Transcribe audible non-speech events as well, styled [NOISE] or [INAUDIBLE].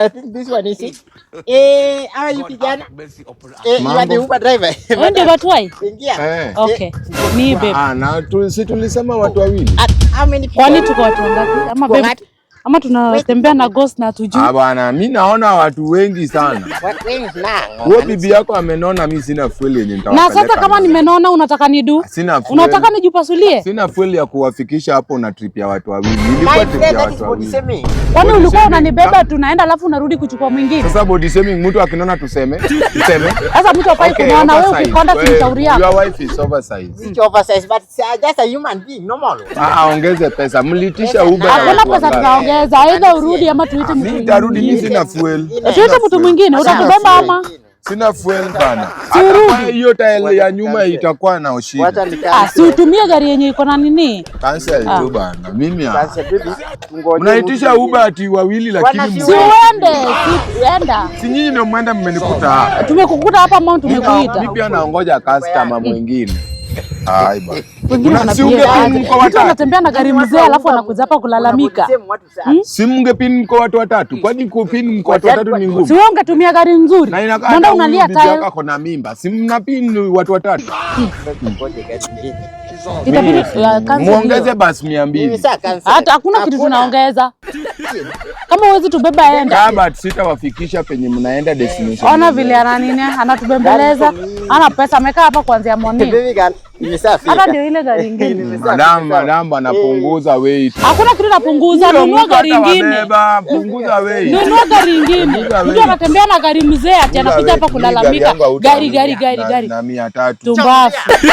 I think this one is it. [LAUGHS] Eh, hawa you kijana? Eh, you are the Uber driver. Wewe watu wai? Ingia. Eh. Okay. Ni eh. babe. Ah, na tu- si tulisema watu oh. wawili how many people? Kwani tuko watu wangapi? Ama babe, ama tunatembea na ghost na tujui. Ah bwana, mimi naona watu wengi sana. [LAUGHS] Wewe bibi yako amenona, mimi sina fuel yenye nitawapeleka. Na sasa kama nimenona unataka nidu? Sina fuel. Unataka nijupasulie? Sina fuel ya kuwafikisha hapo na trip ya watu wawili. Nilikuwa trip ya watu wawili. Kwani ulikuwa unanibeba ah. tunaenda alafu unarudi kuchukua mwingine? Sasa body shaming mtu akinona tuseme, tuseme. Sasa mtu afai kunaona wewe ukikonda kimshauri eh, yako. Your wife is oversized. It's oversized but uh, just a human being normal. Ah, ah ongeze pesa. Mlitisha Uber. Hakuna pesa tunaongea. Yes, aidha urudi ama tuite ah, mtu mwingine. Nitarudi mimi sina fuel. Tuite mtu mwingine, utakubeba ama? Sina fuel bana. Sirudi. Hiyo tail ya nyuma itakuwa na ushindi. Ah, si utumie gari yenye iko na nini? Cancel tu ah. bana. Mimi hapa. Unaitisha Uber ati wawili lakini siende, sienda. Si nyinyi ndio mwenda mmenikuta Tumekukuta hapa ama tumekuita? Mimi pia naongoja customer mwingine anatembea na gari mzee, alafu anakuja hapa kulalamika. Hmm? Si mngepin mko watu watatu? Kwani kupin mko watu watatu ni ngumu? Si wewe ungetumia gari nzuri, ndio unalia tayari. Yako na mimba, si mnapin watu watatu? Itabidi uh, muongeze basi mia mbili. Hata hakuna kitu tunaongeza [LAUGHS] Kama uwezi tubeba enda. Kama sitawafikisha penye mnaenda destination. Ona vile ananini anatubembeleza. Ana pesa amekaa hapa kuanzia mwami. [LAUGHS] Hata ndio ile gari nyingine. [LAUGHS] Madam, madam anapunguza eh. weight. Hakuna kitu napunguza, nunua gari nyingine. Punguza weight. Nunua gari nyingine. Mtu anatembea na gari mzee ati anakuja hapa kulalamika. Gari gari gari gari. Na 300. Tumbafu.